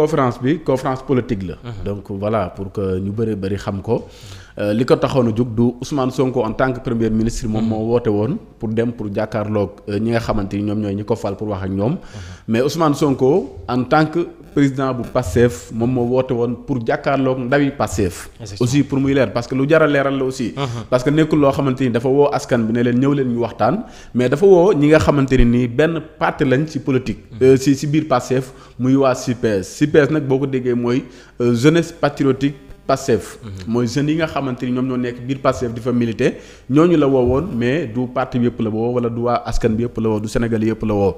conférence bi conférence politique la. donc voilà pour que ñu bëri bëri xam ko. Euh, li ko taxoon a jóg du Ousmane Sonko en tant que premier ministre moom mm-hmm. moo woote woon pour dem pour jàkkaarloog euh, ñi nga xamante ñoom ñooy ñi ko fal pour wax ak ñoom mm-hmm. mais Ousmane Sonko en tant que président bu Pastef moom moo woote woon pour jàkkaarloog ndawi Pastef aussi pour muy leer parce que lu jar a leeral la aussi mm-hmm. parce que nekkul loo xamante ni dafa woo askan bi ne leen ñëw leen ñu waxtaan mais dafa woo ñi nga xamante nii benn parti lañ ci politique euh, si si biir Pastef muy waa CPS CPS nag boo ko déggee mooy jeunesse patriotique Pastef mooy jeunes yi nga xamante ni ñoom ñoo nekk biir Pastef di fa ñoo ñu la woowoon mais du parti bi yëpp la woo wala du waa askan bi yëpp la woo du Sénégal yëpp la woo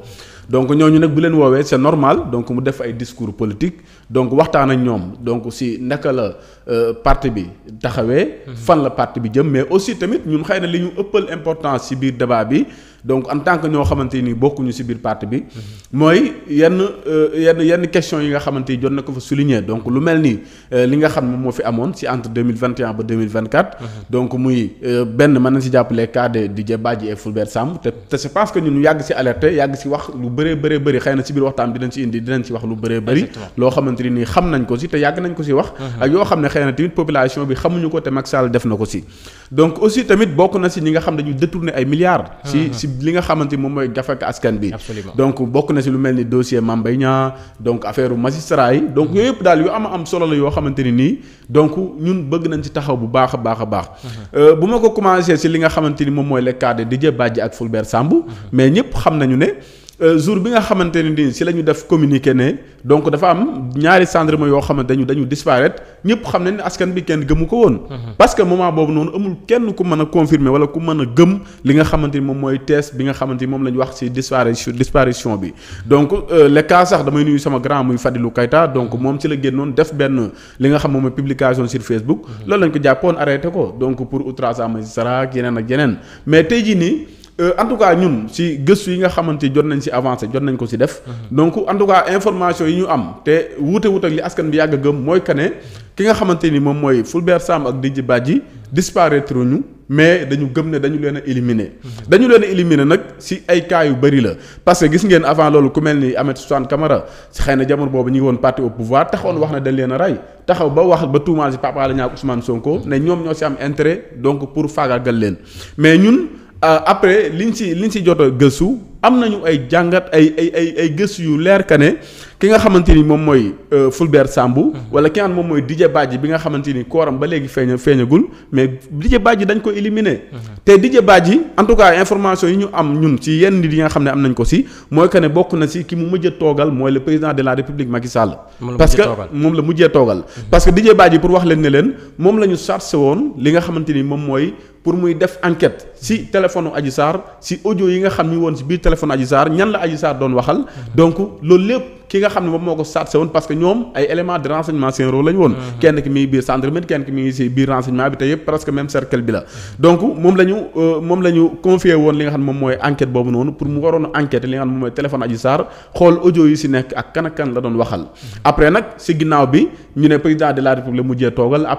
ñoo ñu nag bu leen woowee c'est normal donc mu def ay discours politique donc waxtaan ak ñoom donc si naka la euh, parti bi taxawee mhm. fan la parti bi jëm mais aussi tamit ñun xëy na li ñu ëppal importance si biir débat bi donc en tant que ñoo xamante ni bokkuñu ci biir parti bi. mooy yenn euh, yenn yenn yi nga xamante ni jot na ko fa souligner donc lu mel ni euh, li nga xam moom moo fi amoon ci entre deux mille vingt ba deux mille vingt quatre. donc muy euh, benn mën nañ ci jàppale cas de Didier Badji et Fulbert Samb te te je pense que ñun yàgg ci alerté yàgg ci wax lu bëree bëree bëri xëy na ci biir waxtaan dinañ ci indi dinañ ci wax lu bëree bëri. loo xamante ni xam nañ ko si te yàgg nañ ko ci wax. Uh-huh. ak yoo xam ne xëy na tamit population bi xamuñu ko te Macky Sall def na ko ci. donc aussi tamit bokk na ci ñi nga xam dañu détourner ay milliards. Uh-huh. li nga xamante moom mooy jafe askan bi donc bokk na si lu mel ni dossier Mame Mbaye Niang donc affaire magistrat yi donc yooyu yëpp daal yu am am solo yoo xamante ni nii donc ñun bëgg nañ ci taxaw bu baax a baax a baax mhm. euh, bu ma ko commencé si li nga xamante ni moom mooy le cas de Didier Badji ak Fulbert Sambou mhm. mais ñëpp xam nañu ne Euh, jour bi nga xamante ne nii si la ñu def communiqué ne donc dafa am ñaari gendarme yoo xamante dañu dañu disparaître ñëpp xam nañ ne askan bi kenn gëmu ko woon. Mhm. parce que moment boobu noonu amul kenn ku mën a confirmer wala ku mën a gëm li nga xamante ni moom mooy tees bi nga xamante ni moom la ñu wax si disparition disparition bi. donc euh, le cas sax damay nuy sama grand muy Fadilou Keita donc moom ci la génnoon def benn li nga xam moom mooy publication sur Facebook. Mhm. loolu lañ ko jàppoon arrêté ko donc pour outrage à magistrat ak yeneen ak yeneen mais Euh, en tout cas ñun si gëstu yi nga xamante jot nañ si avancé jot nañ ko si def. Mhm. donc en tout cas information yi ñu am te wuute wuute li askan bi yàgg a gëm mooy que ne ki nga xamante ni moom mooy Fulbert Sam ak Didier Badji disparaître ñu mais dañu gëm ne dañu leen a éliminer. Mhm. dañu leen a nag si ay cas yu bëri la parce que gis ngeen avant loolu ku mel ni Ahmed Suzanne Camara si xëy na jamono boobu ñu ngi woon parti au pouvoir taxawoon wax na dañ leen a rey taxaw ba wax ba tuumaal si Pape Sonko ne ñoom ñoo si am intérêt donc pour faagaagal leen Euh, après li liñ si liñ si jot a gëstu am nañu ay jàngat ay ay ay ay gëstu yu leer ka ne ki nga xamante ni moom mooy euh, Fulbert Sambou mhm. wala ki nga xam moom mooy Didier Badji bi nga xamante ni kooram ba léegi feeñ feeñagul mais Didier Badji dañ ko éliminer mhm. te Didier Badji en tout cas information yi ñu am ñun ci yenn nit yi xam ne am nañ ko si mooy que bokk na si ki mu mujjee toogal mooy le président de la République Macky Sall parce que moom la mujjee toogal mhm. parce que Didier Badji pour wax leen ne leen moom la ñu chargé woon li nga xamante ni moom mooy pour muy def enquête si téléphone Adji Sarr si audio yi nga xam ni woon si biir téléphone Adji Sarr ñan la Adji Sarr doon waxal mm-hmm. donc loolu lépp ki nga xam ne moom moo ko chargé woon parce que ñoom ay éléments de renseignement seen rôle la woon mm-hmm. kenn ki mi ngi biir gendarmerie kenn ki mi biir renseignement bi te yëpp presque même cercle bi la donc moom la euh, moom la ñu woon li nga xam ne mooy enquête boobu noonu pour mu waroon enquête li nga xam mooy téléphone Adji xool audio yi si nekk ak kan la doon waxal mm-hmm. après nag si ginnaaw bi ñu ne président de la république mujjee pour la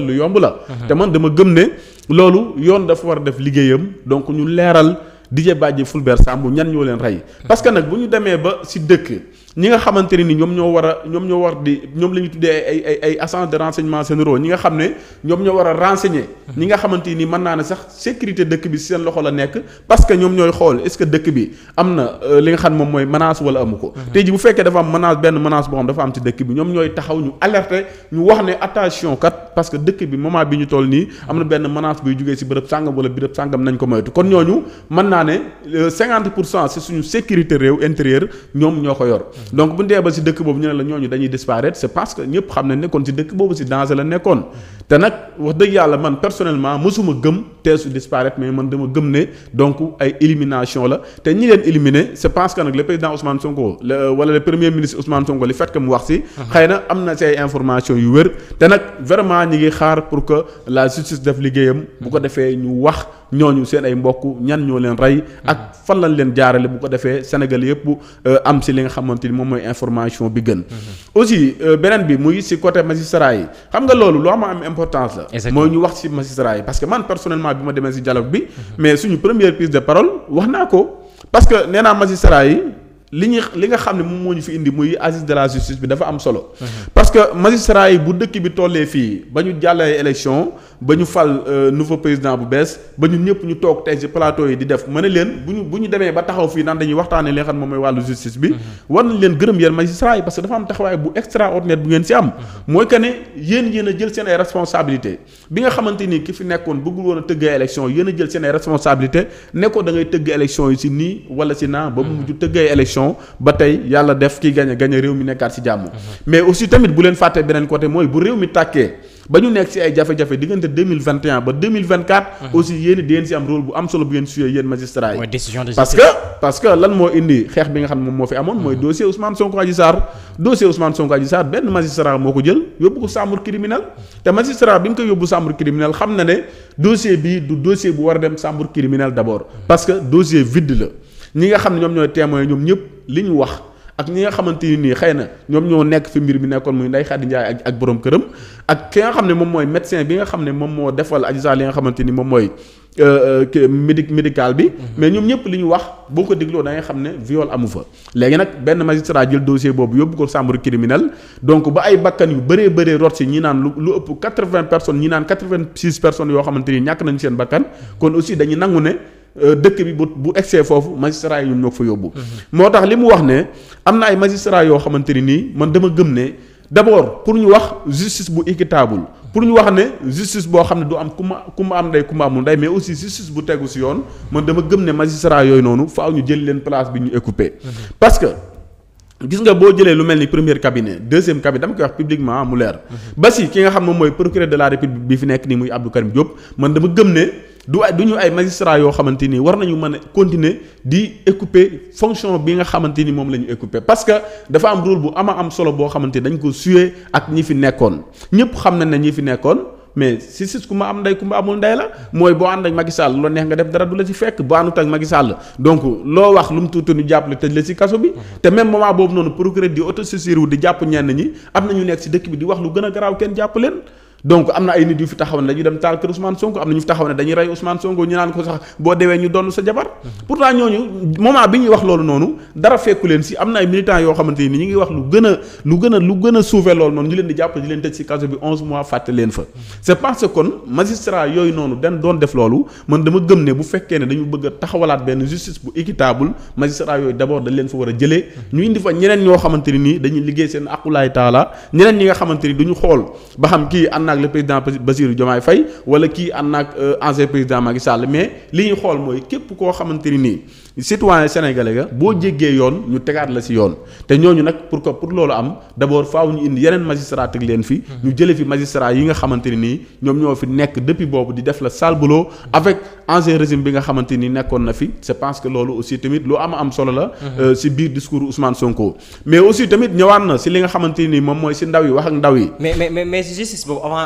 lu yomb mm-hmm. Didier Badji Fulbert Sambou ñan ñoo leen rey parce que nag bu ñu demee ba si dëkk ñi nga xamante ne ni ñoom ñoo war a ñoom ñoo war di ñoom la ñu tuddee ay ay ay agents de renseignement généraux ñi nga xam ne ñoom ñoo war a renseigner ñi nga xamante ni mën naa ne sax sécurité dëkk bi seen loxo la nekk parce que ñoom ñooy xool est-ce que dëkk bi am na euh, li nga xam moom mooy menace wala amu ko mhm. tey ji bu fekkee dafa am menace benn menace boo xam dafa am ci dëkk bi ñoom ñooy taxaw ñu alerter ñu wax ne attention kat parce que dëkk bi moment bi ñu toll nii am na benn menace buy jógee si bërëb sàngam wala bërëb sàngam nañ ko moytu kon ñooñu mën naa ne euh, cinquante pour cent c'est suñu sécurité réew intérieur ñoom ñoo ko yor donc bu ñu dee ba si dëkk boobu ñu ne la ñooñu dañuy disparaître c'est parce que ñëpp xam ne kon si dëkk boobu si danger la nekkoon te nag wax dëgg yàlla man personnellement mësuma gëm teesu disparaître mais man dama gëm ne la te ñi leen parce que nag le président Ousmane Sonko wala le am na ci ay information yu te nag vraiment ñi ngi xaar pour que la justice def liggéeyam. bu ko defee ñu wax ñooñu seen ay mbokk ñan ñoo leen rey. ak fan lañ leen jaarale bu ko defee Sénégal yëpp euh, am si li nga xamante ni moom mooy information bi gën. aussi euh, beneen bi muy si côté magistrat yi xam nga loolu loo am importance la mooy ñu wax ci magistrat yi parce que man personnellement bi ma demee ci dialogue bi mm-hmm. mais suñu première prise de parole wax naa ko parce que nee naa li ñuy li nga xam ne moom moo ñu fi indi muy assise de la justice bi dafa am solo mm-hmm. parce que magistrat bu dëkk bi tollee fii ba ñu jàllalee élection ba ñu fal euh, nouveau président bu bees ba ñun ñëpp ñu toog tey ci plateau yi di def ma ne leen bu ñu bu ñu demee ba taxaw fii naan dañuy waxtaanee li nga xam moom mooy wàllu justice bi. Mhm. leen gërëm yéen magistrat yi parce que dafa am taxawaay bu extraordinaire am. Mhm. mooy que ne yéen jël seen ay responsabilités bi nga xamante ni ki fi nekkoon bëggul woon a tëggee élection yéen jël seen ay responsabilités nekkoon da ngay tëgg élection yi ci nii wala ci naa. ba mu mhm. mujj tëggee élection ba tey yàlla def kii gagné gagné réew mi nekkaat ci jàmm. mais aussi tamit bu leen fàtte beneen côté mooy bu réew mi tàkkee ba ñu nekk si ay jafe-jafe diggante 2021 ba 2024 mhm. aussi yéen di ngeen si am rôle bu am solo bu ngeen suyee yéen magistrat yi parce que lan moo indi xeex bi nga xam ne moom moo fi amoon mooy mhm. dossier Ousmane Sonko Adji Sarr dossier Ousmane Sonko Adji Sarr benn magistrat moo ko jël yóbbu ko chambre criminelle te magistrat bi mu koy yóbbu chambre criminelle xam na ne dossier bii du dossier bu war a dem chambre criminelle d'abord mhm. parce que dossier la ñi nga xam ne ñoom ñooy témoin ñoom ñëpp li ñu wax ak ñi nga xamante ni nii xëy na ñoom ñoo nekk fi mbir mi nekkoon muy Ndeye Khady Ndiaye ak ak borom këram ak ki nga xam ne moom mooy médecin bi nga xam ne moom moo defal Adji Sarr li nga xamante ni moom mooy euh, euh, médic médical bi. Mm-hmm. mais ñoom ñëpp li ñu wax boo ko dégloo da ngay xam ne viol amu fa. léegi nag benn magistrat jël dossier boobu yóbbu ko chambre criminelle donc ba ay bakkan yu bare bëree rot si ñi naan lu lu ëpp quatre-vingts personnes ñi naan quatre-vingt-six personnes yoo xamante ni ñàkk nañ seen bakkan kon aussi dañu nangu ne. Euh, dëkk bi bu bu egsee foofu magistrat yi ñun ñoo ko fa yóbbu. Mhm. moo tax li mu wax ne am na ay magistrat yoo xamante ni nii man dama gëm ne d'abord pour ñu wax justice bu équitable pour ñu wax ne justice boo xam ne du am ku ma ku ma am ndey ku ma amul ndey mais aussi justice bu tegu si yoon man dama gëm ne magistrat yooyu noonu faaw ñu jël leen place bi ñu occupé. Mhm. parce que gis nga boo jëlee lu mel ni premier cabinet deuxième cabinet dama koy wax publiquement mu leer. Mhm. ba xam moom mooy procureur de la république bi fi nekk nii muy Abdou Karim du ay du ñu ay magistrats yoo xamante ni war nañu mën a continuer di écouper fonction bi nga xamante ni moom la ñu écouper parce que dafa am rôle bu ama am solo boo xamante dañ ko suyee ak ñi fi nekkoon ñëpp xam nañ ne ñi fi nekkoon. mais si sis ku ma am ndey ku amul ndey la mooy boo ànd ak Macky Sall loo neex nga def dara du la ci fekk boo àndut ak Macky Sall donc loo wax lu mu tuuti ñu jàppale tëj la ci kaso bi mhm. te même moment boobu noonu procureur di autosaisir wu di jàpp ñenn ñi am na ñu nekk dëkk bi di wax lu gën garaaw kenn jàpp donc am na ay nit yu fi taxaw ne dañuy dem taal kër Ousmane Sonko am na ñu fi taxaw ne rey Ousmane Sonko ñu naan ko sax boo dewee ñu donn sa jabar pourtant ñooñu leen si am na ay militants yoo xamante ñu ngi wax lu gën a lu gën a lu gën suufe loolu noonu ñu leen di jàpp di leen tëj si kaso bi 11 mois fàtte leen fa c'est parce que yooyu noonu dañ doon def loolu man dama gëm ne bu fekkee ne dañu bëgg taxawalaat benn justice bu équitable magistrat yooyu d'abord dañ leen fa war a jëlee ñu indi fa ñeneen ñoo xamante ni dañuy liggéey seen aqulaay taala ñeneen nga xamante ni duñu xool naag le président Bassirou Diomaye Faye wala kii ànd naag euh, ancien président Macky Sall mais li ñuy xool mooy képp koo xamante ni nii citoyen sénégalais ga boo jéggee yoon ñu tegaat la si yoon te ñooñu nag pour que pour loolu am d' abord faaw ñu indi yeneen magistrat teg leen fi ñu jële fi magistrat yi nga xamante ni nii ñoom ñoo fi nekk depuis boobu di def la sale boulot avec ancien régime bi nga xamante ni nekkoon na fi je pense que loolu aussi tamit lu am am solo la si euh, biir discours Ousmane Sonko mais aussi tamit ñëwaat na si li nga xamante ni moom mooy si ndaw yi wax ak ndaw yi mais mais mais justice boobu avant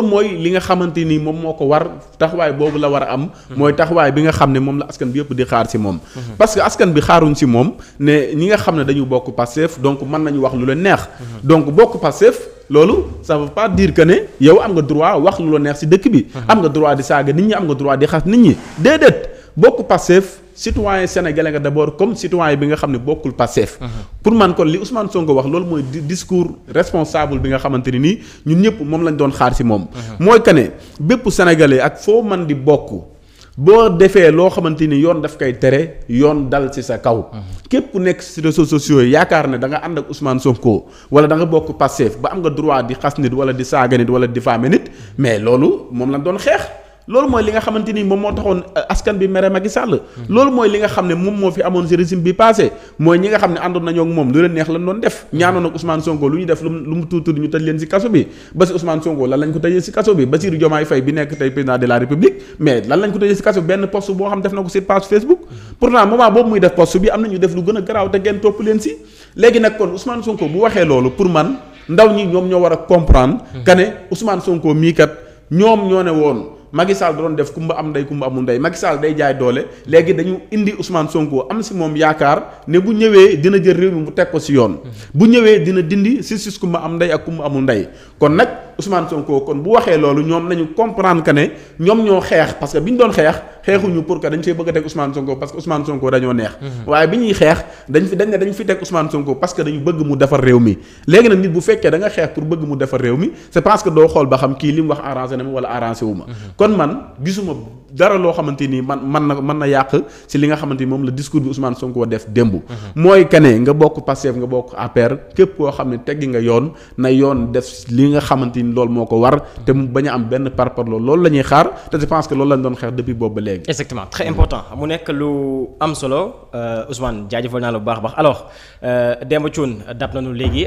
loolu mooy li nga xamante ni moom moo ko war taxawaay boobu la war a am mm-hmm. mooy taxawaay bi nga xam ne moom la askan bi yëpp di xaar si moom mm-hmm. parce que askan bi xaaruñ si moom ne ñi nga xam ne dañu bokk Pastef donc mën nañu wax lu leen neex mm-hmm. donc bokk Pastef loolu ça pas dire que ne yow am nga droit wax lu la neex si dëkk bi am nga droit di saaga nit ñi am nga droit di xas nit ñi déedéet bokk Pastef citoyen sénégalais nga d'abord comme citoyen bi nga xam ne bokkul Pastef mhm. pour man kon li Ousmane Sonko wax loolu mooy discours responsable bi nga xamante ni nii ñun ñëpp moom lañ doon xaar ci moom mhm. mooy que ne bépp sénégalais ak foo man di bokk boo defee loo xamante ni yoon daf koy tere yoon dal ci sa kaw. Mhm. képp ku nekk ci réseaux sociaux yi yaakaar ne da nga ànd ak Ousmane Sonko wala da nga bokk Pastef ba am nga droit di xas nit wala di saaga nit wala di diffamer nit mais loolu moom lañ doon xeex. loolu mooy li nga xamante ni moom moo taxoon euh, askan bi mere Macky Sall loolu mooy li nga xam ne moom moo fi amoon si régime bi passé mooy ñi nga xam ne àndoon nañoo ak moom lu leen neex lañ doon def ñaanoon ak Ousmane Sonko lu ñu def lu mu tuuti ñu tëj leen si kaso bi ba si Ousmane Sonko ko tëjee si kaso bi Bassirou Diomaye Faye bi nekk tey président de la République mais lan na ko si page Facebook pourtant moment boobu muy def a garaaw bu waxee loolu pour man ndaw ñi ñoom ñoo war a comprendre que ne Ousmane Sonko mii kat ñoom ñoo ne woon Macky Sall da doon def kumba am ndey kumba amul ndey Macky Sall day jaay doole léegi dañu indi Ousmane Sonko am si moom yaakaar ne bu ñëwee dina jël réew mi mu teg ko si yoon. Mhm. bu ñëwee dina dindi si sis kumba am ndey ak kumba amul ndey kon nag Ousmane Sonko kon bu waxee loolu ñoom nañu comprendre que ne ñoom ñoo xeex parce que bi ñu doon xeex xeexuñu pour que dañ see bëgg a teg Ousmane Sonko parce que Ousmane Sonko dañoo neex. Mhm. waaye bi ñuy xeex dañ fi dañ parce que dañu bëgg mu defar réew mi léegi nag bu fekkee da nga xeex pour bëgg mu defar réew mi c'est parce xam kii li mu wax arrangé na ma wala kon man gisuma dara loo xamante ni man man na mën na yàq si li nga xamante ni moom la discours bi Ousmane Sonko def démb. Mhm. mooy que ne nga bokk Pastef nga bokk APR képp koo xam ne teggi nga yoon na yoon def li nga xamante ni loolu moo ko war. te mu bañ am benn par par loolu la ñuy xaar te je pense que loolu lañ doon xeex depuis boobu ba léegi. exactement très important mu nekk lu am solo euh, Ousmane jaajëfal naa la bu baax baax alors euh, Demba Thioune dab nañu léegi.